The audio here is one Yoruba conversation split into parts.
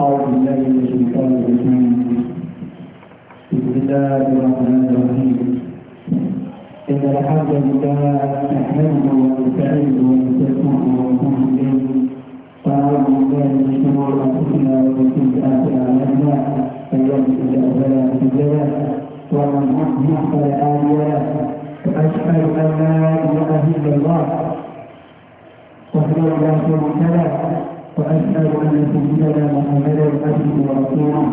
أعوذ بالله من الشيطان الرجيم بسم الله إن الحمد لله نحمده ونستعينه ونستغفره ونتوب إليه ونعوذ بالله من شرور أنفسنا ومن سيئات أعمالنا من يهده الله فلا مضل له الله وحده لا شريك وأشهد أن سيدنا محمدا عبده ورسوله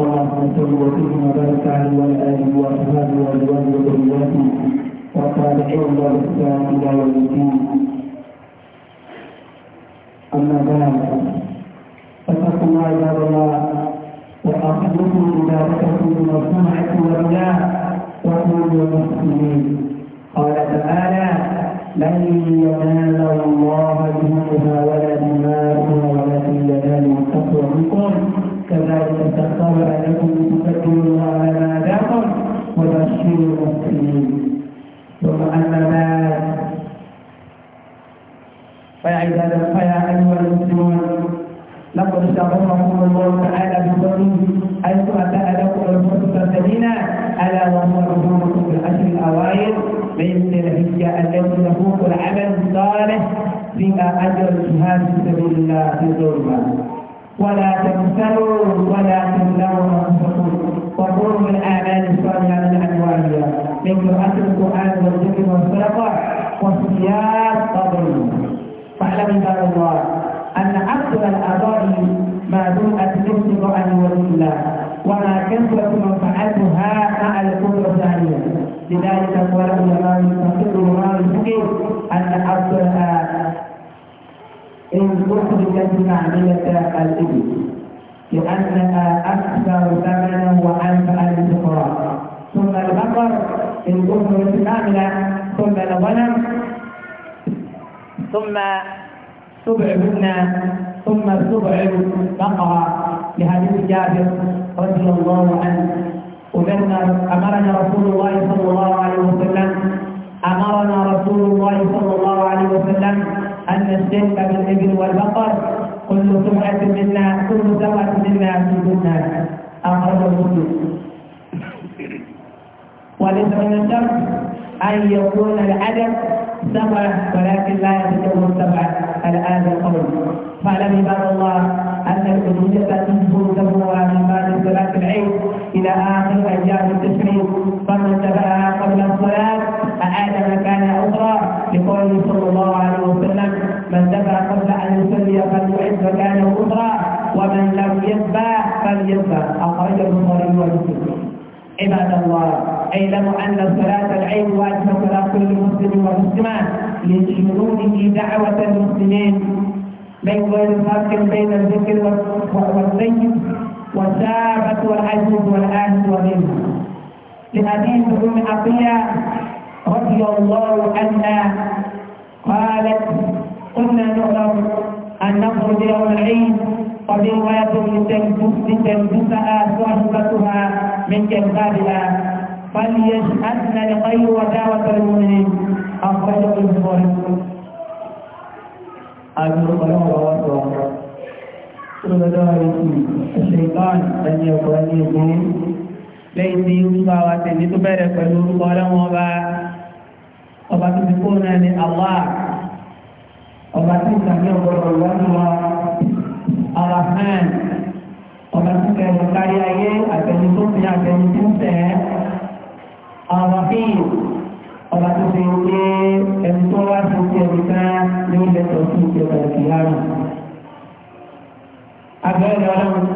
اللهم صل وسلم وبارك عليه وعلى آله وأصحابه وأزواجه وذرياته حول الإسلام إلى يوم الدين أما بعد فاتقوا الله عباد الله وأخذكم عبادتكم وصنعكم وبلاء وكونوا مسلمين قال تعالى لن ينال الله جهودها ولا دماؤها ولكن يناله التقوى منكم كذلك سخرها لكم لتكبروا الله على ما هداكم وبشر المسلمين ثم أما بعد فيا عباد فيا أيها المسلمون لقد شرفكم الله تعالى بقوله حيث اتى لكم الفرصه الثمينه الا وهو عمومكم في العشر الاوائل فان الهجه التي يفوق العمل الصالح في اجر الجهاد في سبيل الله في الظلمه ولا تنسوا ولا تنسوا انفسكم وقولوا بالاعمال الصالحه من انواعها مثل اكل القران والذكر والصدقه والصيام قبل فاعلموا عباد الله أن أكثر الأعضاء ما دمت نفس عن يولي الله وما كثرت منفعتها مع الكفر ثانيا لذلك قال العلماء المستقر وما الفقيه أن أكثرها إن أخرجت معملة الإبل لأنها أكثر ثمنا وأنفع للفقراء ثم البقر إن أخرجت معملة ثم الغنم ثم سبعهن ثم سبع بقرة لحديث الجابر رضي الله عنه وبين أمرنا رسول الله صلى الله عليه وسلم أمرنا رسول الله صلى الله عليه وسلم أن نستلم بالإبل والبقر كل سمعة منا كل سمعة منا في الجنة أخرجه مسلم وليس من الشرط أن يكون العدد سبعة ولكن لا يتجاوز سبعة الآن القول فاعلم عباد الله أن الألوهية تنفر تبوها من بعد صلاة العيد إلى آخر أيام التشريق فمن تبعها قبل الصلاة أعاد مكان أخرى لقوله صلى الله عليه وسلم من تبع قبل أن يصلي فليعد مكانه أخرى ومن لم يتبع فليتبع أخرجه البخاري ومسلم عباد الله اعلم ان صلاه العيد واجبه على كل مسلم ومسلمة لشموله دعوه المسلمين من غير فرق بين الذكر والسيد والشابة والعجوز والآهل وغيره لحديث أم عطية رضي الله عنها قالت كنا نؤمر أن نخرج يوم العيد وبرواية لتلبسها صاحبتها من كتابها فليشهدن الخير ودعوة المؤمنين أخرجه البخاري أجر الله وأكبر الشيطان أن يكون يؤمن lẹ́yìn tí yíṣà wa tẹ̀lé tó bẹ̀rẹ̀ pẹ̀lú orúkọ ọlọ́wọ́n ọba ọba tó ti kó náà ní Allah ọba tí ìsàmì ọ̀gọ̀rọ̀ lọ́dún wa Ar-Rahman ọba tí kẹrin kárí ayé àtẹnudọ́sìn àtẹnudọ́sẹ̀ àràfíì ọba tó ṣe pé ẹni tó wá sí ti ẹni ká ní ilẹ̀ tó sí ti ọ̀rọ̀ ìyára. Abẹ́rẹ́ ọlọ́run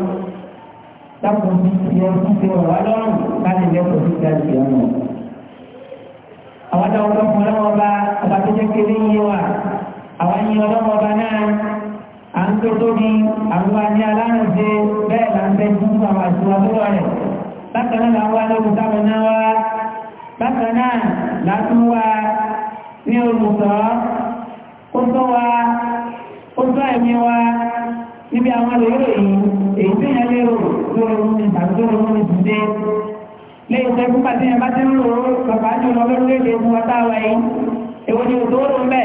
dákun sí ti ẹ sí ti ọ̀rọ̀ ọlọ́run láti ilẹ̀ tó sí ti ọ̀rọ̀ ìyára. Àwọn táwọn ọlọ́run ọlọ́run ọba ọba tó jẹ́ kéré yé wa. Àwọn yìí ọlọ́run ọba náà à ń tó tóbi àwọn àní alárùn ṣe bẹ́ẹ̀ là ń bẹ́ fún àwọn àṣìwọ́ tó rọ̀ rẹ̀. Bákan náà bákan náà látún wá ní olùsọ ó tó wá ó tó ẹ̀mí wá níbi àwọn lèrò yìí èyí tó yẹn lérò lórí ohun ní tàbí lórí ohun ní dìde lẹ́yìn tó ẹkú pàtẹ́ yẹn bá ti ń lò ó bàbá ní ọmọ lórílẹ̀-èdè fún wa táwa yìí èwo ni òtò ó lò ń bẹ̀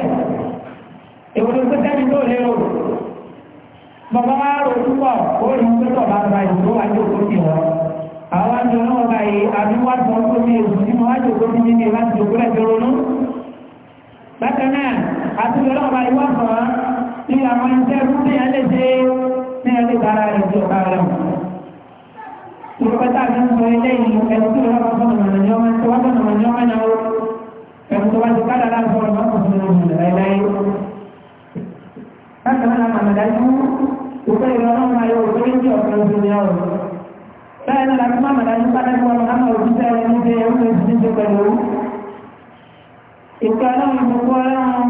èwo ni sẹ́ni tó lérò bàbá wa rò púpọ̀ ó rí pé tọ̀ bá ba ìṣòro wájú òkú sí wọn àwọn àjọ náà báyìí àbí wá sọ tó ní èso tí mo wá jòkó sí ní láti jòkó rẹ̀ tó ronú. bákan náà àti ìjọ náà báyìí wá sọ ní àwọn iṣẹ́ fún ní alẹ́ ṣe ní alẹ́ tara rẹ̀ tí ọ̀ká rẹ̀ mọ̀. ìrọ̀pẹ́tà ti ń sọ eléyìí ẹni tí ìjọba bá sọ̀rọ̀ nàní ọmọ ẹni tó wá sọ̀rọ̀ nàní ọmọ ẹni àwọn ẹni tó wá ti ká báyìí náà láti máa màdá nípa láti wọn máa máa òbí sẹ́yìn ní ṣe ó lè ṣe ṣe pẹ̀lú ìkọ́ ọlọ́run gbogbo ọlọ́run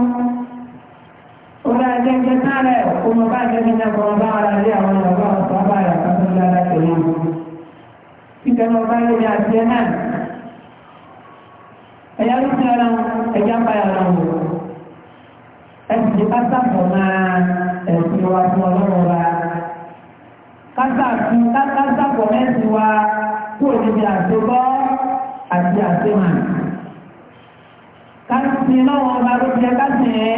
orí ajẹ́jẹ́ sáré ọmọ bá jẹ́bi náà kọ́ ọba ara lé àwọn ìyàwó ọ̀sán ọba rẹ̀ kọ́tọ́ ní ara tẹ̀lé ìkẹ́ ọmọ bá lé ní àtijọ́ náà ẹ̀yà ló ti ọlọ́run ẹ̀yà báyà ọlọ́run ẹ̀sìn ìbá sàpọ̀ ẹ̀sìn wa fún ọlọ́run wa. kásàkó mẹ́sì wa kú òdìdí àṣebọ́ àti àṣehàn. kásì lọ́wọ́ ọba ló jẹ kásì ẹ́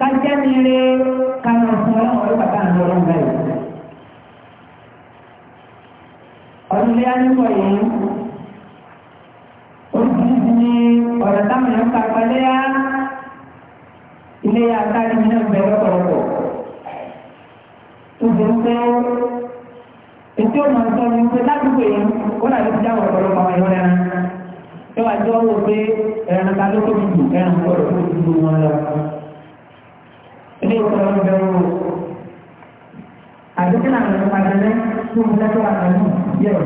kájẹ́ mi lé kánú fún ọlọ́wọ́ ló bàtà ní ọlọ́wọ́ bẹ́ẹ̀. ọdún lé ánìkọ̀ yìí oríṣiríṣi ní ọ̀rọ̀ táwọn èèyàn kápá léyà ilé yà káàdì mìíràn bẹ̀rẹ̀ ọ̀pọ̀lọpọ̀. nítorí pé ètò ọmọ ìtọ́ ni pé ládùúgbò yẹn ó dàbí ti dáwọ̀ ọ̀pọ̀lọpọ̀ àwọn ẹ̀rọ ẹran ẹ wá jọ wò pé ẹran ta ló tóbi jù ẹran gbọdọ̀ tó ju wọn lọ. ilé ìtọ́jú ń bẹ̀rù o àti kí náà lè padà lẹ́ tó ń lẹ́tọ́ àtẹ̀yìn ọ̀rọ̀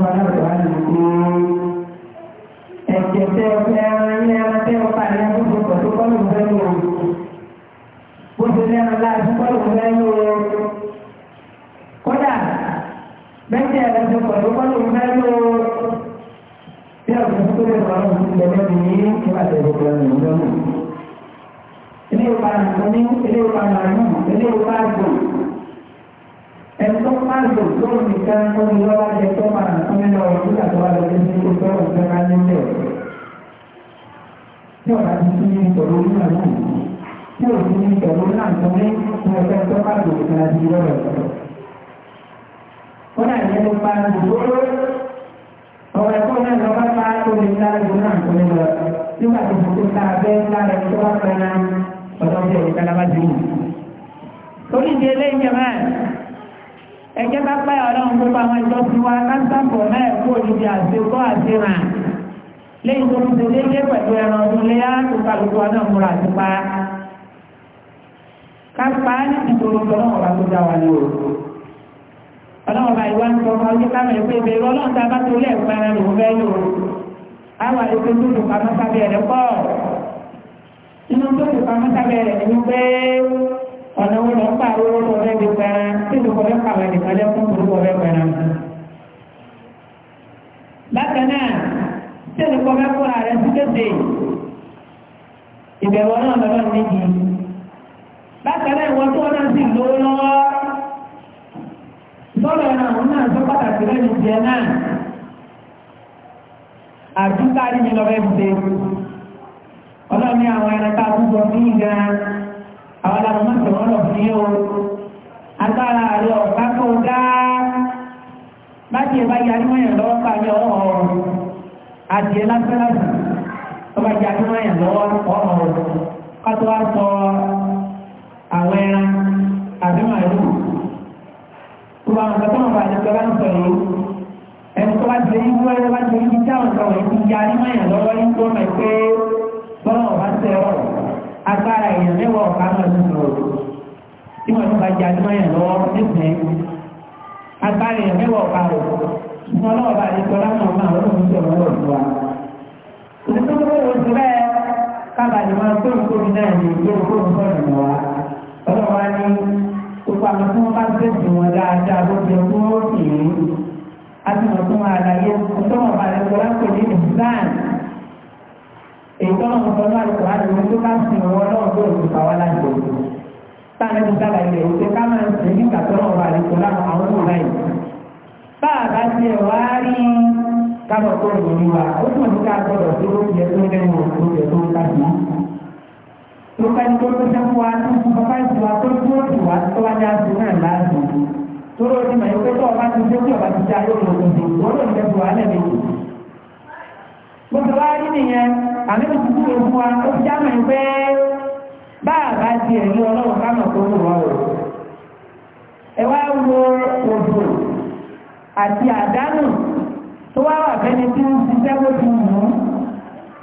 fún aláwọ̀ wá ní pé ẹ̀jẹ̀ tẹ́ ọ fẹ́ ẹran ní ẹran tẹ́ ọ fà ní ẹran tó pọ̀ tó kọ́lù fẹ́ lò ó. Bó ṣe ní ẹran láti kọ́lù fẹ́ lò ó. Kódà, bẹ́ẹ̀ ẹran tó pọ̀ tó kọ́lù fẹ́ lò ó. Bí ọ̀sẹ̀ Ilé ìpàdé ní ilé ìpàdé ilé ìpàdé tó máa lò lóhùn nìkan ó ní lọ́wọ́ jẹ tó máa nà fún nínú ọ̀rọ̀ nígbà tó wà lọ sí ní ojú ọ̀rọ̀ tó máa ní ilé tí ọ̀rọ̀ ti sí ní ìṣòro nígbà náà tí ò sí ní ìṣòro náà tó ní ní ọ̀fẹ́ tó máa lò nìkan àti ìrọ̀rọ̀ sọ̀rọ̀. ó náà yẹ kó máa lò lóró ọ̀rọ̀ ẹ̀kọ́ náà lọ́wọ́ máa tó lè lárugbo náà tó ní lọ nígbà tó ti ta abẹ́ lára ẹ̀ tó wá pẹ́ náà ọ̀dọ́ ẹjẹ́ ká pẹ́ ọlọ́run gbogbo àwọn ìjọ ti wá lásàpọ̀ náà kó níbi àṣekọ́ àṣehàn lẹ́yìn tó ti déédéé pẹ̀lú ẹran ọdún léyà tó kálukú ọdún múra àti pa ká pa á ní ìṣòro tó náà wà tó dá wa ní o ọlọ́run bá ìwà ń sọ ọmọ ọdún ká mẹ́rin pé ìbéèrè ọlọ́run tá bá tó lẹ̀ ẹran lòún fẹ́ lò àwọn ètò tó lù pamọ́ sábẹ́ rẹ̀ pọ̀ inú tó lù pamọ́ ọ̀nà wọn lọ pa àwọn owó tọ̀rẹ́ di pẹ́ẹ́rẹ́ tí olùkọ́ fẹ́ pàwọn ẹnìkan jẹ́ fún ọrụ fẹ́ pẹ́ẹ́rẹ́. bákan náà tí olùkọ́ fẹ́ kóra rẹ̀ sí kéde ìbẹ̀wò náà lọ́dọ̀ méjì. bákan náà ìwọ tó náà sì lówó lọ́wọ́ sọ́dọ̀ náà wọn náà sọ pàtàkì lẹ́nu tiẹ̀ náà àdúgbò àdìyẹ lọ́wọ́ ẹ̀ ọlọ́ni àwọn ẹ̀rẹ́ta àdúgbò ní ìgbà àwọn àwọn máa tẹ̀wọ́n lọ fún yóò agbára rẹ̀ ọ̀pá kó dá bá tiẹ̀ bá yarí mọ́yàn lọ́wọ́ pàdé ọ̀họ̀ adìẹ lásánlásán tó bá yarí mọ́yàn lọ́wọ́ ọ̀họ̀ kátó wá sọ àwọn ẹran àbí màálù tó bá wọn kọ́ tó wọn bá àdìsọ bá ń sọ yìí ẹni tó bá ti lè ẹni tó bá ti lè yíwọ́ ẹni tó bá ti lè yíwọ́ ẹni tó ti lè yíwọ́ ẹni tó bá ti lè yíwọ́ ẹni tó bá ti lè yíwọ́ agbára èèyàn mẹ́wàá ọ̀pá náà ti tí wọ́n ti bá jẹ́ adúmọ̀ yẹn lọ́wọ́ nísìnyí agbára èèyàn bá ní sọ́lá náà máa lọ́wọ́ ní sọ̀rọ̀ lọ́wọ́ ìlú wa. tó náà ní ìgbé òkúrò ọlọ́wọ́ á ní gbogbo àwọn tí wọ́n bá tẹ̀sí wọn èyí náà mo sọ ní àlùkò láti wọn tó bá sin wọn náà tó lè fà wá láti lè fún táàlẹ́ tó sábà ilẹ̀ òkè ká máa ń sìn ní kàtọ́rọ̀ wà àlùkò láwọn àwọn tó láì báà bá ti ẹ̀ wá rí kábọ̀ tó lè ní wa ó tún ní ká gbọ́dọ̀ tó ó yẹ tó lẹ́nu òkú yẹ tó ká sí. tó ká ní tó tó sẹ́kù wa tó fún bàbá ìsìn wa tó tó tù wá tó wá ní aṣọ náà láàbù tó ló ní màá pé tó ọba ti tó tí ọba ti dá yóò lọ sí i wọ́n ló ń tẹ́kù wa lẹ́nu. mo ti wá rí nìyẹn àmì òtútù ló fún wa ó pé ọlọ́run tó ń rọ̀ wá wo àti àdánù tó wá wà fẹ́ni tí ń ṣiṣẹ́ bó ti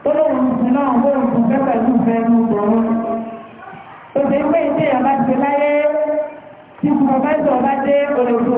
tó lóun ti náà bóun ti fẹ́ pẹ̀lú ìfẹ́ ní ìgbòho tó ṣe bá ti láyé tí bá dé olóòtú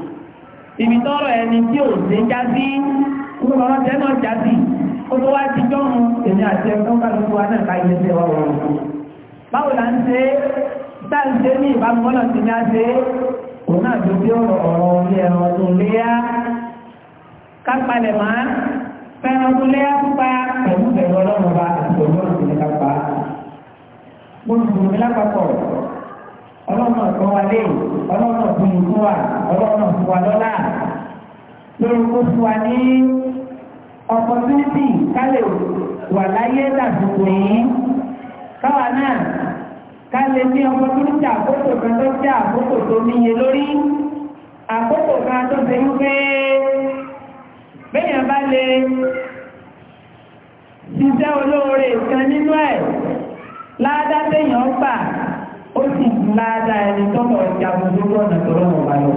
ibi tọrọ ẹni tí ò sí jásí kúrò lọ́wọ́ tẹ́ náà jásí ó tó wá ti jọ́mu èmi àti ẹ̀kọ́ kálukú wa náà ká yẹ sí ọ̀rọ̀ ọ̀rọ̀ báwo la ń ṣe tá à ń ṣe ní ìbámu mọ́nà sí ní á ṣe òun náà tó bí ọ̀rọ̀ ọ̀rọ̀ ní ẹ̀rọ tó léyà ká palẹ̀ mọ́ fẹ́ràn tó léyà púpà pẹ̀lú pẹ̀lú ọlọ́run ọba àti pẹ̀lú ọ̀rọ̀ ọlọ́nà tó wá léyìn ọlọ́nà tó yìí fún wa ọlọ́nà fún wa lọ́la lórí kó fún wa ní opportunity ká lè wà láyé lásìkò yìí káwa náà ká lè ní opportunity àkókò kan tó jẹ́ àkókò tó níye lórí àkókò kan tó ṣe wípé bẹ́yàn bá lè ṣiṣẹ́ olóore kan nínú ẹ̀ ládá téèyàn gbà ó sì láàdá ẹni tọ́pọ̀ ọjà gbogbo ọ̀nà tọ́rọ ọ̀bá lọ.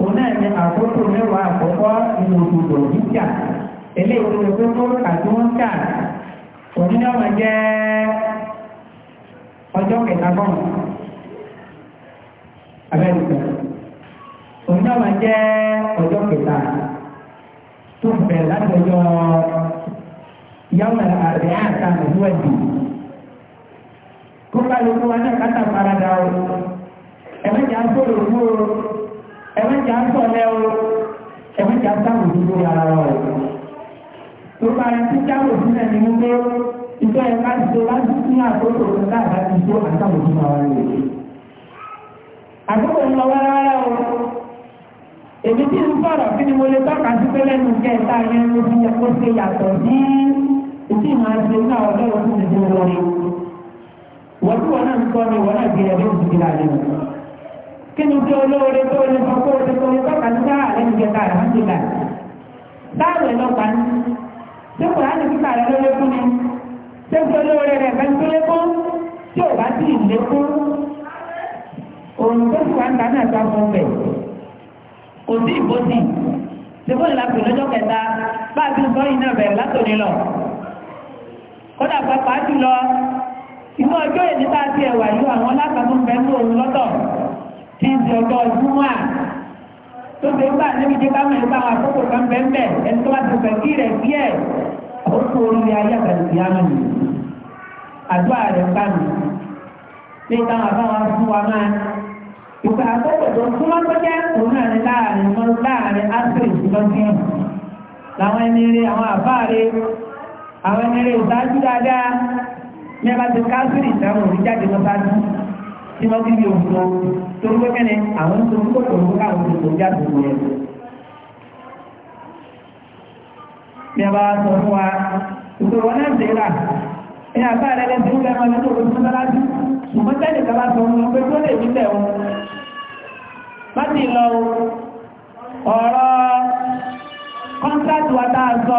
òun náà ni àkókò mẹ́wàá àkọ́kọ́ nínú òdòdó jíjà eléyìí tó tó tó àti wọ́n kà òun náà wọ́n jẹ́ ọjọ́ kẹta bọ́ọ̀n abẹ́rùkà òun náà wọ́n jẹ́ ọjọ́ kẹta tó bẹ̀rẹ̀ láti ọjọ́ yàwó àbẹ̀ àtàkùn wẹ̀dì kó kálukú wa náà kátà farada o ẹ̀mẹ́jà ń sọ̀rọ̀ òkú o ẹ̀mẹ́jà ń sọ̀lẹ̀ o ẹ̀mẹ́jà ń sáwò dúró ara wa o tó bá yẹn tí sáwò sílẹ̀ ní wípé ìjọ yẹn ká ṣe láti ní àkókò tó ká àbá ti tó àtàwò dúró ara rẹ̀ àkókò ń lọ wáráwárá o èmi tí ń sọ̀rọ̀ kí ni mo lè tọ́ka sí pé lẹ́nu kẹta yẹn ló fi yẹ ṣe yàtọ̀ sí ìdí ìmọ̀ àti ìlú àwọn ọlọ́run tó ti dúró lọ́rùn wọ́n tí náà ń kọ́ ni wọ́n náà gbìyànjú oṣù ti láàyè wọn. kí ni kí olóore tó lè sọ pé tó lè tọ́ka ní sáà lẹ́nu jẹta àlàmúdìlà sáàwẹ̀ lọ́pa ní ṣé láti kíkà rẹ lórí fún ni ṣé olóore rẹ fẹ́ tó lékún tí ò bá sì lékún òun tó sì wá ń dáná ẹ̀ka fún bẹ̀ kò sí ìbòsì ṣèbóyè la pè lọ́jọ́ kẹta bá a ti sọ yìí bẹ̀rẹ̀ inú ọjọ́ ìní tá a ti ẹ̀wà yìí àwọn alábàámú bẹ́ẹ̀ ní òun lọ́tọ̀ tí ń di ọjọ́ ìdúnwà tó ti ń bá níbi jẹ́ ká mẹ́rin bá àwọn àkókò kan bẹ́ẹ̀ bẹ́ẹ̀ ẹni tó bá ti fẹ́ kí rẹ̀ bí ẹ̀ ó kó orí ayé àgbàdìbí àmì àdúrà rẹ̀ bá mi ní táwọn àbáwọn fún wa máa ìgbà àkókò tó súnmọ́ tó jẹ́ òun náà láàrin mọ́ láàrin áfírí lọ́sí làwọn ẹni rí àwọn àbáàrí àwọn ẹni rí ìsáájú dáadáa ní ẹbá ti káàkiri ìdáhùn òní jáde mọ́sáájú tí wọ́n ti di òǹkọ́ tó ń pẹ́ kẹ́ni àwọn tó ń kó tó ń kó káwọn tó tó jáde òun yẹn. ní ẹbá sọ fún wa ìṣòro wọn náà ṣe rà ní àbá rẹ lẹ́sìn ń bẹ́ẹ̀ máa ní òun tó mọ́sáájú ṣùgbọ́n tẹ́lẹ̀ kaba sọ fún wọn pé tó lè nílẹ̀ wọn. má ti lọ ọ̀rọ̀ kọ́ńtàtì wa tá a sọ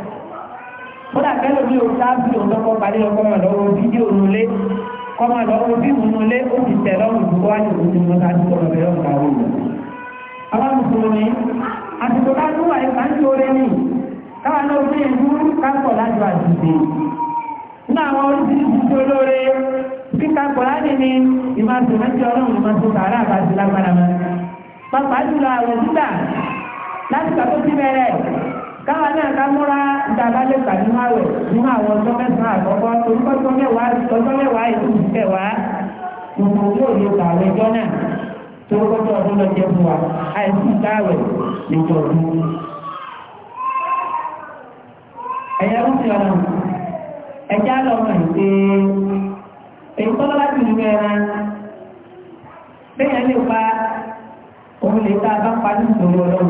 kódà kẹ́lò mi ò sáàbì òǹdọ́kọ́ parí ọkọ́ mọ̀ lọ́wọ́ fídíò nulẹ̀ kọ́ mọ̀ lọ́wọ́ fíìmù nulẹ̀ ó ti tẹ̀ lọ́rùn tó wáyé òkú mọ́ sáàbì ọ̀rọ̀ bẹ̀rẹ̀ ọ̀gá wò lọ. àwọn mùsùlùmí àtìkò ká ló wà ẹ̀ka ń lóore ní káwọn náà fi ìlú kápọ̀ lájọ àdìsí. nínú àwọn oríṣiríṣi tó lóore bí kápọ̀ láti ní ìmọ̀tòmọ́tì ọlọ́run ìmọ̀tòmọ́tò àrà káwa náà ká múra dàbá lè kà nínú àwẹ̀ nínú àwọn ọjọ́ mẹ́sàn-án àkọ́kọ́ orúkọ ọjọ́ mẹ́wàá ọjọ́ mẹ́wàá ètò ìṣẹ̀wàá gbogbo owó òde ọ̀gá àwẹ̀ ẹjọ́ náà tó kọ́kọ́ ọdún lọ jẹ́ fún wa àìsí ìdáwẹ̀ ìjọ ọdún. ẹ̀yà ń fi ọ̀nà ẹ̀já lọ mọ̀ ìpè èyí tọ́lá láti nínú ẹran bẹ́ẹ̀ lè pa òun lè ta bá pa nítorí ọlọ́run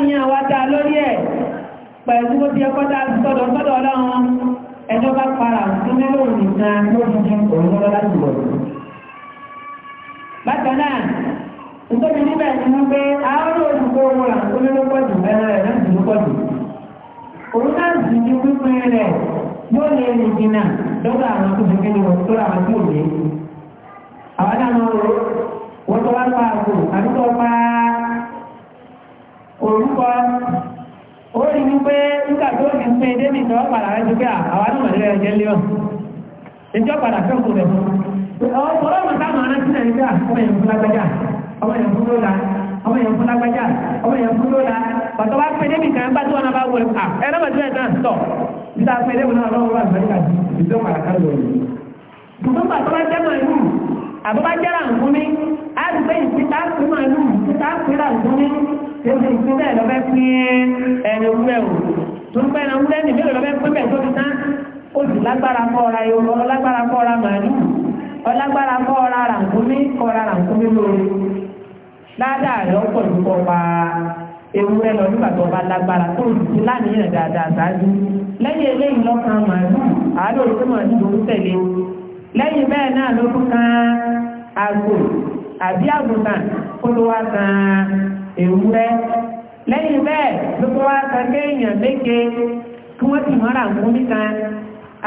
níyàn wá dá lórí ẹ̀ pẹ̀lú bó ti ẹkọ́ dá sọ́dọ̀ sọ́dọ̀ ọlọ́run ẹjọ́ bá para fún mẹ́lòó nìkan lójijì òun lọ́lá láti wọ̀. bákan náà nítorí níbẹ̀ ni wọ́n pé àárò olùkọ́ owó rà ó lówó pọ̀ jù ẹran rẹ̀ náà sì ló pọ̀ jù. òun náà sì ní pínpín rẹ̀ yóò lè lè jìnnà lọ́dọ̀ àwọn tó fi kéde wọ̀ tó àwọn tó lè. àwọn náà wọ́n tó wá pa àgbò àdúgbò pa á orúkọ ó rí wípé nígbà tó ti pé débi tí wọ́n padà rẹ̀ ti pé àwa náà mọ̀lẹ́ ẹ̀jẹ̀ lé ọ̀ ìjọ padà fẹ́kù rẹ̀ ọ̀pọ̀lọpọ̀ ọmọ táwọn ará sílẹ̀ nígbà ọmọ yẹn fún lágbájá ọmọ yẹn fún lóla ọmọ yẹn fún lágbájá ọmọ yẹn fún lóla pàtó wá pé débi kan bá tó wọn bá wọlé à ẹ̀rọ bàtí ẹ̀ náà tọ̀ nígbà pé débi náà lọ́wọ́ wà lọ́wọ́ ìjọ padà kálọ̀ rẹ̀ á gbé ìpín máa lù ìpín tá pín rà lù ní ṣéṣe ìpín bẹ́ẹ̀ ẹni wúlẹ̀ o tó ń pẹ́ ẹran wúlẹ̀ ní mélòó lọ́fẹ́ pín bẹ́ẹ̀ tó ti tán ó sì lágbára kọ́ ọ̀ra yòó ọlágbára kọ́ ọ̀ra màálù ọlágbára kọ́ ọ̀ra ràǹkúmí kọ́ ọ̀ra ràǹkúmí lóore ládàá rẹ̀ ọ̀pọ̀ ìdúkọ̀ pa ewúrẹ́ lọ nígbà tó bá lágbára tó ti dáadáa lẹ́yìn eléyìí lọ́kàn màálù màálù tẹ̀lé lẹ́yìn bẹ́ẹ̀ àbí àgùntàn kó ló wá san ewúrẹ́ lẹ́yìn bẹ́ẹ̀ ló tó wá san kéèyàn méje kí wọ́n ti mọ́ra mú nìkan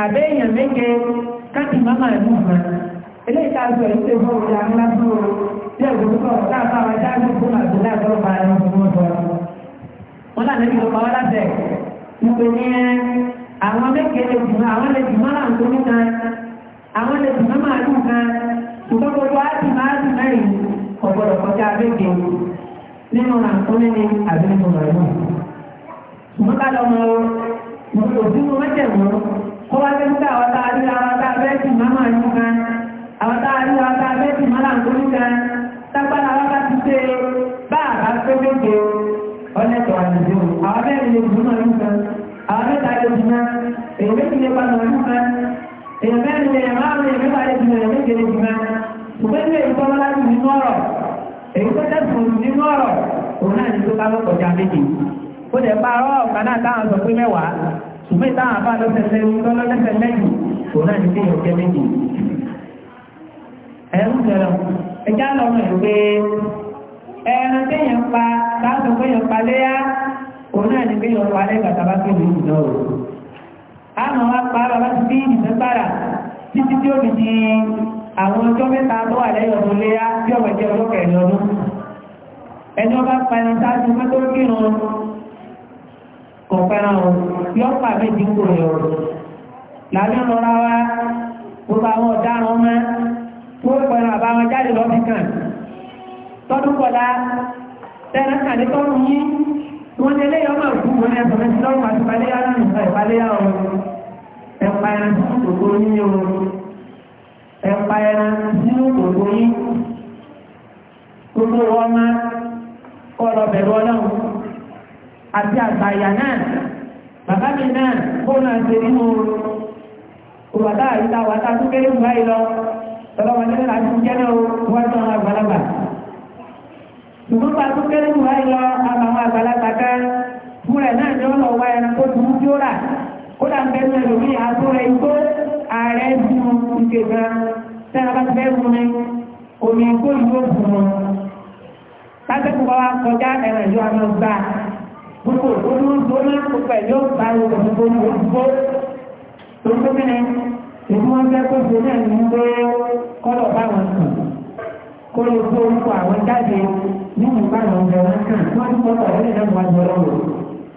àbẹ́yàn méje káàkiri mọ́mọ́ ẹ̀mú kan eléyìí tá a sọ yìí ṣe fún òkè ńlá fún o bí ẹ̀gbọ́n kọ̀ láàbá wa dáàbò fún àgbélá ìgbọ́n bá ẹran fún wọn sọ. wọn lànà ìlú pa wá lábẹ́ ìpè ní àwọn méje lè jùmọ̀ àwọn lè jùmọ̀ làǹkó nìkan àwọn lè jùmọ̀ màálù kan ṣùgbọ́n gbogbo àti máa ti mẹ́rin ọ̀gbọ́dọ̀ kọjá abéèké nínú ràǹkúnmí ni àbí nínú ràǹkúnmí. ṣùgbọ́n ká lọ mọ òsì mú mẹ́tẹ̀mú kó wá sí níta àwọn táà rí àwọn táà bẹ́ẹ̀ sì máa máa yún kan àwọn táà rí àwọn táà bẹ́ẹ̀ sì máa ràǹkúnmí kan tágbára wá bá ti ṣe bá àbá tó gbégbé ọlẹ́tọ̀ àdìjọ́ àwọn bẹ́ẹ̀ lè dùn náà kan àwọn mẹ́ta lè dùn èyí méjì lè bá èèyàn mẹ́rin èèyàn márùn èèyàn mẹ́ta èèyàn mẹ́ta èèyàn méje lè jùmọ́ ṣùgbọ́n ilé ìtọ́ láti nínú ọ̀rọ̀ èyí tó tẹ̀sùn nínú ọ̀rọ̀ òun náà ní tó ká ló kọjá méje ó dẹ̀ bá ọ̀rọ̀ ọ̀kan náà táwọn sọ pé mẹ́wàá ṣùgbọ́n ìtàwọn àbá lọ́sẹ̀sẹ̀ lọ́lọ́sẹ̀ méjì òun náà ní tó yọ̀ jẹ́ méje ẹ̀rù jẹrọ ẹjá lọ́mọ ìgbé ẹran pa táwọn pé yọ̀ pa òun náà ní pé yọ̀ pa lẹ́gbàtà bá kéèyàn náà àmọ́ wá pààrọ̀ láti bí ìfẹ́ pààrà títí tí ó fi di àwọn ọjọ́ mẹ́ta tó wà lẹ́yìn ọdún léyá bí ọ̀wẹ̀ jẹ́ ọjọ́ kẹrin ọdún ẹni ọba pẹran sáájú mẹ́tọ́ kírun kò pẹran o yọ pa méjì ń kúrò yọ làbí ọlọ́ra wa gbogbo àwọn ọ̀daràn ọmọ tó pẹran àbáwọn jáde lọ́bì kan tọ́dún kọ̀dá tẹ́rẹ́ kàdé tọ́rùn wọ́n ní eléyìí ọmọ òkú wọn ní ẹ̀sọ̀ lọ́rùn àti balẹ̀ yá lọ́rùn ìfàlẹ́ yá ọ̀rọ̀ ẹran gbogbo yín ní oòrùn ẹ̀pa ẹran sí gbogbo yín gbogbo ọmọ kọlọ bẹ̀rù ọlọ́run àti àgbàyà náà bàbá mi náà bóun àti nínú òwàdà àyíká wà tá a tún kéré fún báyìí lọ ọlọ́wọ́n ní láti jẹ́ náà wọ́n tán àgbàlagbà ṣùgbọ́n bá tún kéré fún báyìí lọ àbàwọn àgbàlagbà kan fúnra náà ni wọ́n ẹran tó dùn ún tí ó rà kódà ń bẹ́ẹ̀ mẹ́rin ní àtúrà igbó ààrẹ fún ìgbè gan tí a bá ti bẹ́ẹ̀ mú ní omi igbó ìgbó fún wọn. lásìkò bá wa kọjá ẹ̀rọ ìjọ àmọ́ gbà gbogbo olúgbóná pẹ̀lú báyìí gbogbo gbogbo gbogbo mẹ́rin èyí wọ́n fẹ́ kó fún náà ní pé kọ́lọ̀ báwọn sùn kó lè kó orúkọ àwọn jáde nínú báwọn ọ̀gá wọn kàn wọ́n ti kọ́ ọ̀rẹ́ náà wọ́n jọ lọ́wọ́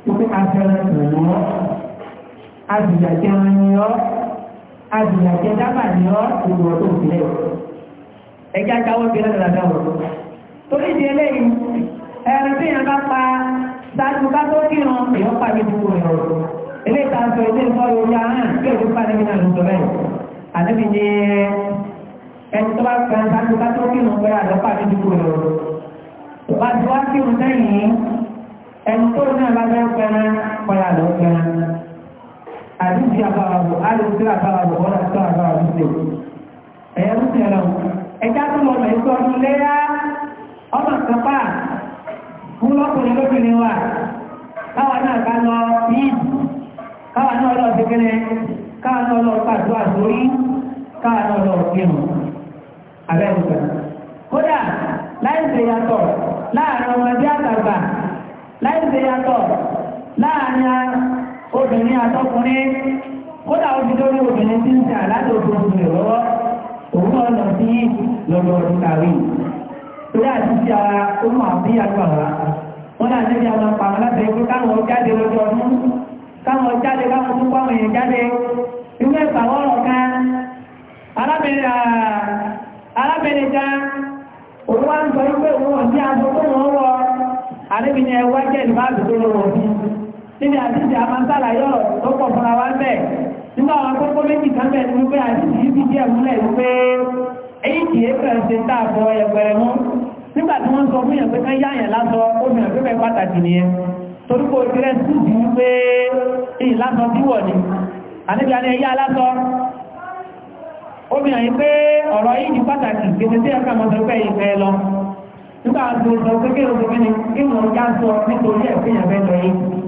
wípé a fẹ́ràn sùn lọ́wọ́ adùnjàjẹ wọn ni ọ adùnjàjẹ dábà ni ọ ìwọ tó bìlẹ ẹjẹ ajáwọ bìlẹ dàda wọ torí di eléyìí ẹni tí yẹn bá pa ṣáájú bá tó kírun èèyàn pa ní gbogbo ẹ̀rọ eléyìí tá a sọ ilé ìfọ yóò yá hàn kí èèyàn pa níbi náà ló sọ bẹ́ẹ̀ àlébi ni ẹni tó bá pa ṣáájú bá tó kírun pé àlọ́ pa ní gbogbo ẹ̀rọ bá tó wá kírun sẹ́yìn ẹni tó náà bá fẹ́ pẹ́ran pẹ́ran lọ́ pẹ́ran àdúgbò àbáwọ̀ àdúgbò àbáwọ̀ ọ̀rọ̀ àti àbáwọ̀ àdúgbò ẹ̀yẹ ń tẹ̀ lọ ẹ̀ka tó lọ mẹ́ sọ léyà ọmọ kápá fún lọ́kùnrin lóbìnrin wa káwa náà ká lọ yìí káwa náà lọ sí kíni káwa náà lọ pàdó àsórí káwa náà lọ kírun abẹ́rùkà kódà láì ṣe yàtọ̀ láàrin ọmọdé àtàgbà láì ṣe yàtọ̀ láàrin obìnrin àtọkùnrin kódà ó ti lórí obìnrin tí ń ṣe àládé òfurufú rẹ̀ lọ́wọ́ òun náà sí lọ́dọ̀ ọdún kàwé torí àti ti ara ó mọ àbí wa wọn náà níbi àwọn pàmò láti ẹgbẹ́ káwọn jáde ọdún káwọn jáde èèyàn jáde kan arábìnrin arábìnrin kan òun níbi àdìsí amásàlà yọ̀rọ̀ tó pọ̀ fúnra wa bẹ́ẹ̀ nígbà àwọn akókó méjì kan bẹ́ẹ̀ ni pé àdìsí yìí fi díẹ̀ múlẹ̀ wípé èyí kì í fẹ́ ṣe tá a bọ ẹgbẹ̀rẹ̀ mú nígbà tí wọ́n sọ fún yàn pé ká yá yàn lásọ ó fi hàn pé bẹ́ẹ̀ pàtàkì nìyẹn torí kò tirẹ̀ sí ìdí wípé èyí lásọ tí wọ̀ ni àníbi àní ẹ̀yà lásọ ó fi hàn yín pé ọ̀rọ̀ yìí di pàtàkì gbèsè tí ẹ̀ka mọ̀ sọ pé èyí fẹ́ lọ nígbà tó sọ pé kéwòn tó fi ni kéwòn já sọ nítorí ẹ̀fín yàn fẹ́ lọ yìí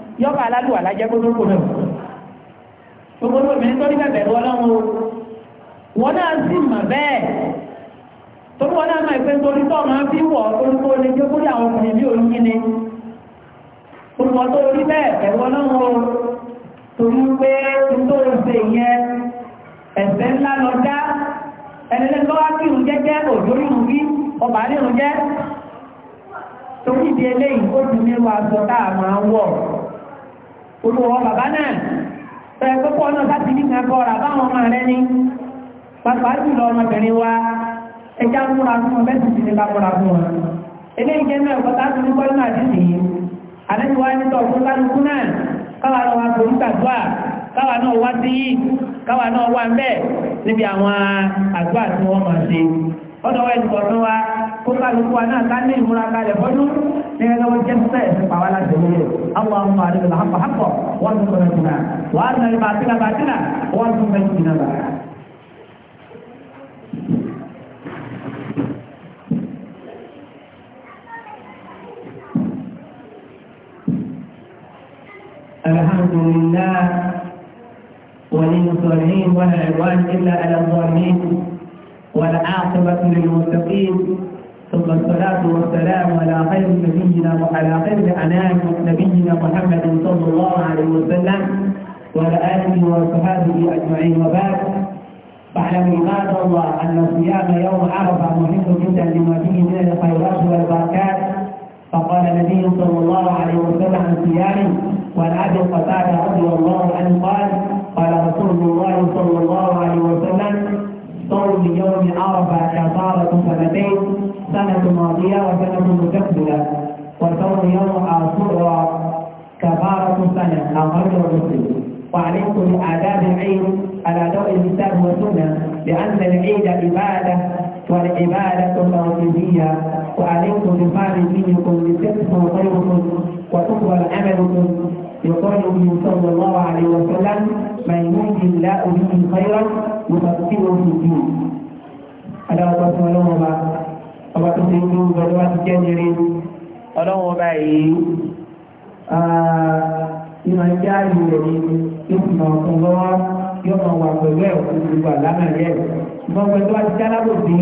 yọba aládùn alájẹ́ gbogbo náà gbogbo náà mi nítorí bẹ̀bẹ̀ lọ lọ́wọ́ wọn náà sì mọ̀ bẹ́ẹ̀ torí wọn náà máa pé torí tó máa fi wọ̀ orúkọ ní pé kó yà ọkùnrin bí orí kíni olùkọ́ tó rí bẹ́ẹ̀ ẹ̀rọ lọ́wọ́ torí pé tó ṣe yẹn ẹ̀sẹ̀ ńlá lọ dá ẹni kí irun jẹ́jẹ́ òjò irun bí ọba ní irun jẹ́ torí ìdí eléyìí ó ti ní wa tá a máa ń wọ̀ olùwọ́ bàbá náà ẹ̀ púpọ̀ náà láti ní kan kọ́ra báwọn ọmọ rẹ ní pàápàá jùlọ ọmọbìnrin wa ẹja ń múra fún ọ bẹ́ẹ̀ sì ti ní bá múra fún ọ eléyìí jẹ́ náà kọ́ta tó ní kọ́lé náà ti sì yìí àlejò wa ní tọ̀gbọ́n kálukú náà káwa náà wá torí tàdúà káwa náà wá sí yìí káwa náà wá ń bẹ́ẹ̀ níbi àwọn àdúà tí wọ́n máa ṣe ọ̀dọ̀ wa ẹnìkọ̀ọ̀kan wa kó kálukú wa náà ká ní ìmúra kalẹ̀ fọ́dún ní ẹgbẹ́ wọn jẹ́ sísẹ́ ẹ̀sìn pàwọ́ láti wúlò àwọn ọmọ àdúgbò làkàkọ̀ hàkọ̀ wọ́n tún kọ́nà jìnnà wà á nàlẹ́ bàtìlà bàtìlà wọ́n tún fẹ́ jìnnà bà. الحمد لله وللمصلين ولا عدوان الا على الظالمين والعاقبة للمتقين ثم الصلاة والسلام على خير نبينا وعلى خير أنام نبينا محمد صلى الله عليه وسلم وعلى آله وصحبه أجمعين وبعد فاعلم عباد الله أن صيام يوم عرفة مهم جدا لما فيه من الخيرات والبركات فقال النبي صلى الله عليه وسلم عن صيامه وعن أبي قتادة رضي الله عنه قال قال رسول الله صلى الله عليه وسلم صوم يوم عرفة كفارة سنتين سنة ماضية وسنة مستقبلة وصوم يوم عاشوراء كفارة سنة أخرجه مسلم وعليكم بآداب العيد على ضوء الكتاب والسنة لأن العيد عبادة والعبادة توحيدية وعليكم بفعل دينكم لتكفوا خيركم وتقوى عملكم يقول ابن صلى الله عليه وسلم من يهدي الله به خيرا يفكره في الدين ألا وقسم له ما وقسم بدوات الجنر ọlọ́wọ́ báyìí ìmọ̀ ìjà ìrẹ̀ ni ìmọ̀ ọ̀kan lọ́wọ́ yóò máa wà pẹ̀lú ẹ̀ gbogbo àlámà rẹ̀ ìmọ̀ pẹ̀lú àtijọ́ alábòsí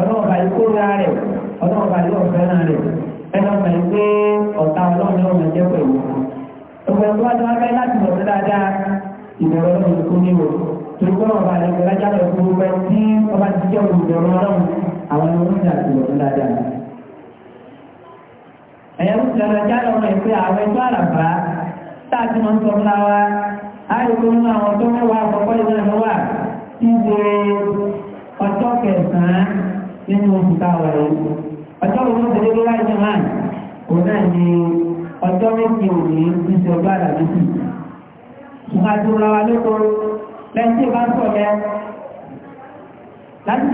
ọlọ́wọ́ báyìí kó ra rẹ̀ ọlọ́wọ́ báyìí ọ̀fẹ́ náà rẹ̀ ẹ̀ lọ́mọ ẹ̀ pé ọ̀tá ọlọ́run ọmọ jẹ́ pẹ̀lú ọ̀pọ̀ tó wá tó wá fẹ́ láti mọ̀ sí dáadáa ìbẹ̀rẹ̀ ọlọ́run kò ní o torí pé ọba rẹ̀ gbẹ̀rẹ̀ jáde fún gbogbo ẹni tí ọba ti jẹ́ olùbẹ̀rẹ̀ ọlọ́run àwọn ọmọ ìjà ti mọ̀ sí dáadáa. ẹ̀yẹ́ ń sọ̀rọ̀ jáde ọmọ ìpè àwọn ẹ̀tọ́ àràbá tá a ti mọ̀ ń sọ fúnra wa á kó nínú àwọn tó mẹ́wàá àkọ́kọ́ ìlànà wà ti ọjọ́ méjì òní ní ti ọjọ́ àdàbí sí. Ìgbàjú lọ́wọ́ lóko lẹ́yìn tí bá sọ̀ lati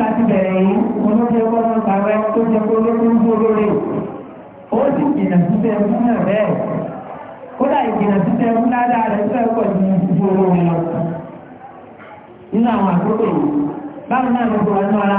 Láti bẹ̀rẹ̀ yìí, olóṣè gbọ́dọ̀ tó jẹ kó ń lórí. Ó sì jìnà síbẹ̀ fún náà bẹ́ẹ̀. Kódà ìjìnà síbẹ̀ fún rẹ̀ fẹ́ pọ̀ ju lórí lọ. Nínú àwọn àkókò yìí, báwo náà wá ní ara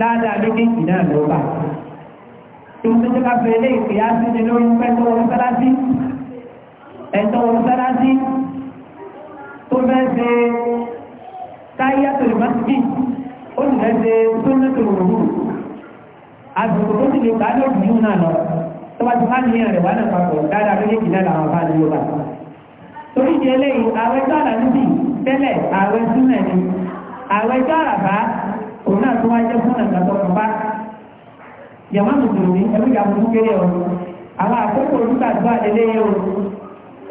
ládàá méjèèjì náà ló bà. Ìwọ̀n tó ká fẹ́ lé ìpè á sí ni lórí pẹ́tọ́ wọn sálásí. Ẹ̀tọ́ wọn sálásí tó fẹ́ ṣe táyà tòlè mọ́síkì ó sì fẹ́ ṣe tóní tòlè òwú. Àgbègbè tó ti lè gbà lóògùn yìí náà lọ. Tó ti má nìyàn rẹ̀ wá náà papọ̀ ládàá méjèèjì náà làwọn bá lè bà. Torí ìdí eléyìí, ààrẹ tó àlàlú bì tẹ́lẹ̀ ààrẹ súnmẹ̀ ni. Ààrẹ tó àràbá òun náà tó wá jẹ́ fún ẹ̀ka tó ń bá yàmá mùsùlùmí ẹbí ká fún kéré o àwọn àkókò olùkà tó àlélẹ́yẹ o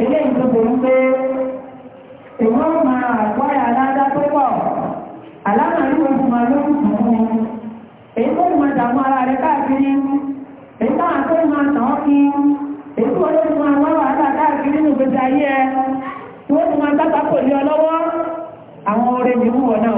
eléyìí tó tó ń pé èwọ́n máa àkọ́yà aládá tó pọ̀ aláàmà ní wọ́n fún ma lórí fún un èyí tó ń mọ̀ta mọ́ ara rẹ̀ káàkiri èyí táwọn tó ń máa tàn kí èyí tó ń máa wá wàhálà káàkiri nù gbèsè ayé ẹ tí wọ́n máa dábàá pò ní ọ lọ́wọ́ àwọn oore ni wúwo náà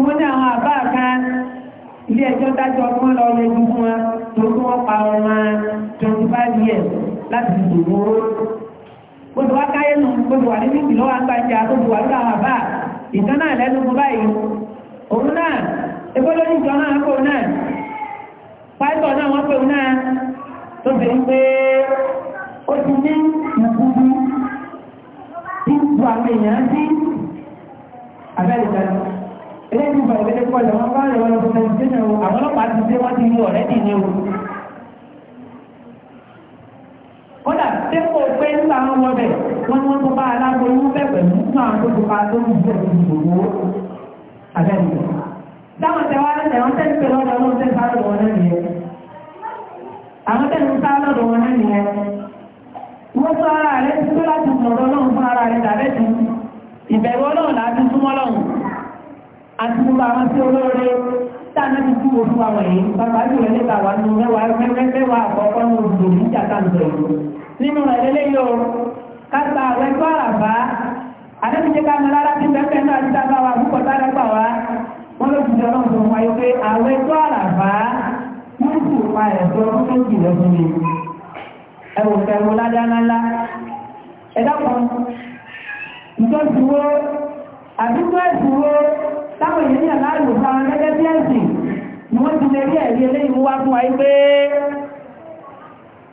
tí wọ́n ní àwọn àbá kan ilé ẹjọ́ dájọ́ tí wọ́n lọ lé dúdú wọn tó kí wọ́n pa ọmọ twenty five years láti fi dùn owó. ó ti wá káyé nù ó ti wà ní bíbí lọ́wọ́ àgbàjà ó ti wà lọ́wọ́ àwọn àbá ìtàn náà lẹ́nu fún báyìí òun náà ìgbọ́lórí ìjọ náà kò náà pàìtọ̀ náà wọ́n pè náà tó fi ń pé ó ti ní ìkúrú tí ń bu àwọn èèyàn sí abẹ́rẹ̀ ìjọba eléyìí ìgbà ìgbẹ́lẹ́ pọ̀ lọ́wọ́ bá yọ̀ ọ́ lọ́sọ̀rọ̀ ìgbésẹ̀ o àwọn ọlọ́pàá ti dé wọ́n ti mú ọ̀rẹ́ dì ní o. kódà dépò pé nígbà wọn wọ bẹ̀ wọ́n ní wọ́n tó bá aláàbò irú bẹ̀ pẹ̀lú fún àwọn tó tó bá tó ń bẹ̀ gbogbo abẹ́rẹ́ táwọn tẹ wá lẹ́sẹ̀ wọ́n tẹ́lẹ̀ pẹ̀lú ọ̀dọ̀ wọn tẹ́lẹ̀ sáré wọn náà nìyẹn àwọn tẹ́lẹ̀ sáré lọ́dọ̀ wọn náà nìyẹn wọ́n sọ ara rẹ̀ tó láti mọ̀ọ́dọ́ náà fún ara rẹ̀ tàbẹ́tù ìbẹ̀rù ọlọ́run láti súnmọ́ lọ́run àti gbogbo àwọn tí olóore tá a nábi dúró fún àwọn yìí bàbá jùlọ níta wà nù mẹ́wàá mẹ́wàá àkọ́kọ́ ní odò níjà tá à ń sọ yìí nínú rẹ̀ lélẹ́yìí o kásá àwọn ẹgbẹ́ àràbá àdébíjẹ́ ká mẹ́lára ti bẹ́ẹ̀ náà ti dábà wà púpọ̀ tá a dábà wá wọ́n ló ti jọlọ́ fún wa yìí pé àwọn ẹgbẹ́ àràbá ẹ̀dá kan ìjọ́sìwó àdúgbò ẹ̀sìwó táwọn èèyàn ní àláàrùn sáwọn gẹ́gẹ́ bí ẹ̀sìn ni wọ́n ti lè rí ẹ̀rí eléyìí mú wá fún wa pé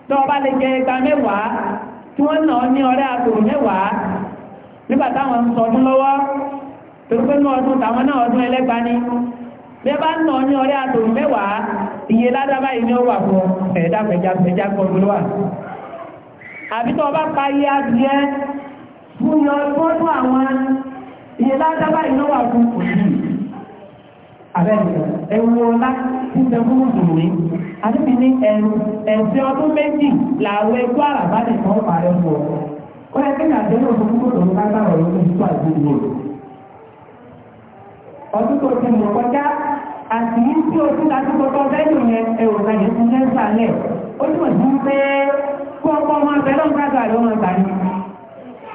tó bá lè jẹ ẹgbà mẹ́wàá tí wọ́n náà ní ọ̀rẹ́ àtòrò mẹ́wàá nígbà táwọn ń sọdún lọ́wọ́ tó pé ní ọdún táwọn náà ọdún ẹlẹ́gba ni bí ẹ bá ń náà ní ọ̀rẹ́ àtòrò mẹ́wàá iye ládàbá yìí ni ó wà fún ẹ̀ẹ́dá pẹ̀já pẹ̀já pọ̀lú iye ládàbà iná wà fún òṣìṣẹ́ àbẹ́rẹ̀ ẹ̀wọ̀ ọlá tí ń bẹ fún mùsùlùmí àdébí ní ẹ̀sẹ̀ ọdún méjì làwọn ẹgbẹ́ àràbá lè kọ́ parẹ́ fún ọ ó yẹ kí ní àdéhùn fún kókò tó ń bá sára ọ̀rọ̀ tó ń tó àdúgbò ọdún tó ti mọ̀ kọjá àti yìí tí o ti láti kọ́kọ́ fẹ́yìn yẹn ẹ̀wọ̀n náà yẹn ti lẹ́sà lẹ̀ ó túmọ̀ sí pé kó ọkọ̀ ọmọ abẹ́rẹ́ ń bá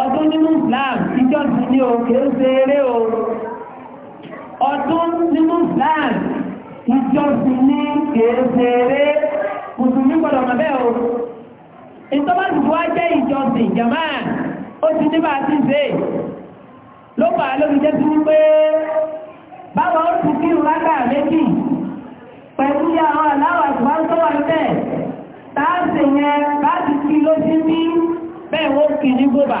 ọdún nínú Islam ìjọ ti ní òkè ń ṣe eré o ọdún nínú Islam ìjọ ti ní kèé ṣe eré mùsùlùmí gbọdọ̀ mọ̀ bẹ́ẹ̀ o ìtọ́bá ti wá jẹ́ ìjọ sí ìjàmá ó ti ní bá a ti ṣe ló fà á lórí jẹ́ sí wípé báwo ó ti kí ìwákà méjì pẹ̀lú yà àwọn aláwọ̀ àtúwá tó wà lọ́tẹ̀ táà sì yẹn bá ti kí ló ti bí bẹ́ẹ̀ wọ́n kì í ní gbòbà.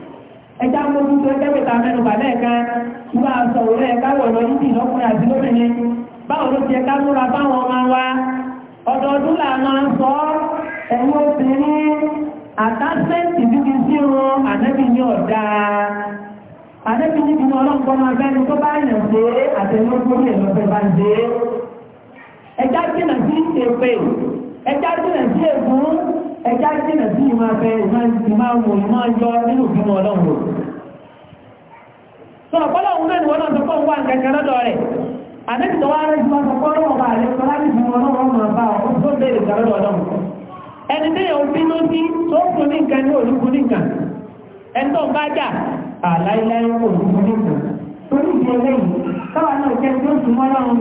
ẹja gbogbo tó ẹgbẹ́ta mẹ́nu bàlẹ́ kan wọ́n á sọ òun ẹ̀ káwọ̀ lọ ní ìlọ́kùnrin àti lóbìnrin báwo ló ti ẹ̀ka múra báwọn ọmọ wa ọdọọdún là máa ń sọ ẹ̀yìn obìnrin àtàsẹ́ǹtì bíbí sí wọn ànẹ́bí ní ọ̀dà ànẹ́bí níbi ní ọlọ́pọ̀ máa bẹ́ni tó bá yàn dé àtẹ̀yìn ogbórí ẹ̀ lọ́fẹ́ bá dé ẹja jìnà sí èpè ẹja jìnà sí ègún ẹjá jìnà sí ìmọ̀ afẹ́ ìmọ̀ àwọn ìmọ̀ yọ nínú ìfimọ̀ ọlọ́run lò sọ̀rọ̀ pọ́lọ̀ òun lẹ́nu ọlọ́run tó kọ́ wà ń kẹ̀kẹ́ lọ́dọ̀ rẹ̀ àdéhùn tó wá rẹ̀ jù wọn kọ́ lọ́wọ́ bá rẹ̀ kọ́ láti fi wọn lọ́wọ́ máa bá ọ tó béèrè kàlọ́dọ̀ ọlọ́run ẹni tí yóò bí ló ní tó kún ní nǹkan ní olùkú ní nǹkan ẹni tó ń bá jà àláìláì olùkú ní nǹkan torí ìdí eléyìí táwa náà jẹ́ tó sùn mọ́ lọ́run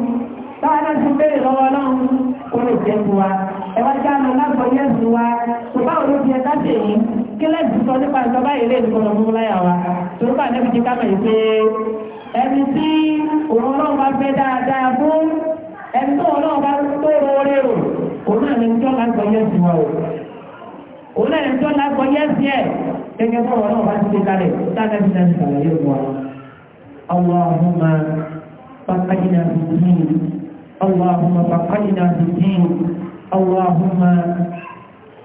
táwa náà ti béèrè lọ́wọ́ lọ́run kó lè jẹ́ tiwa ẹ̀wá já lọ lágbọ̀ wa tó òun fi sí kí sọ nípa ìjọba ìlé ìdúgbọ̀nà fún láyà wa tó bá níbi jí kámẹ̀ pé ẹni tí òun náà bá fẹ́ dáadáa fún ẹni tó òun náà tó rọrẹ́ òun o òun náà ní ìjọ ọrụ yẹ́ ẹ̀ gẹ́gẹ́ bọ́ náà ti ṣe kalẹ̀ tá اللهم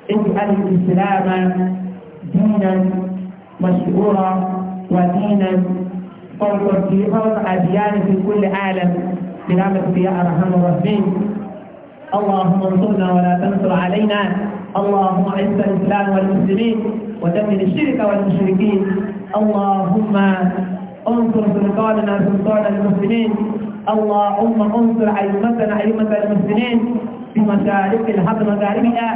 اجعل الإسلام دينا مشهورا ودينا فانظر في فوق في كل عالم برحمتك يا أرحم الراحمين اللهم انصرنا ولا تنصر علينا اللهم اعز الإسلام والمسلمين ودمر الشرك والمشركين اللهم انصر سلطاننا سلطان المسلمين اللهم انصر ائمتنا ائمه المسلمين في مشارق الحق مغاربها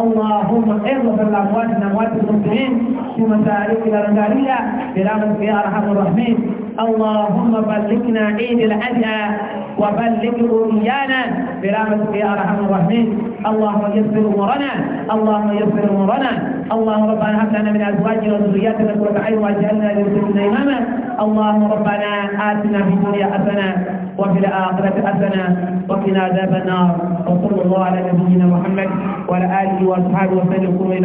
اللهم اغفر لامواتنا اموات المسلمين في مشارقنا المغاربيه برحمتك يا ارحم الراحمين اللهم بلغنا عيد الأدهى وبلغ أميانا برحمتك يا أرحم الراحمين اللهم يسر أمورنا اللهم يسر أمورنا اللهم ربنا هب لنا من أزواجنا وذرياتنا قرة أعين واجعلنا للمسلمين إماما اللهم ربنا آتنا في الدنيا حسنة وفي الآخرة حسنة وقنا عذاب النار وصلى الله على نبينا محمد وعلى آله وأصحابه وسلم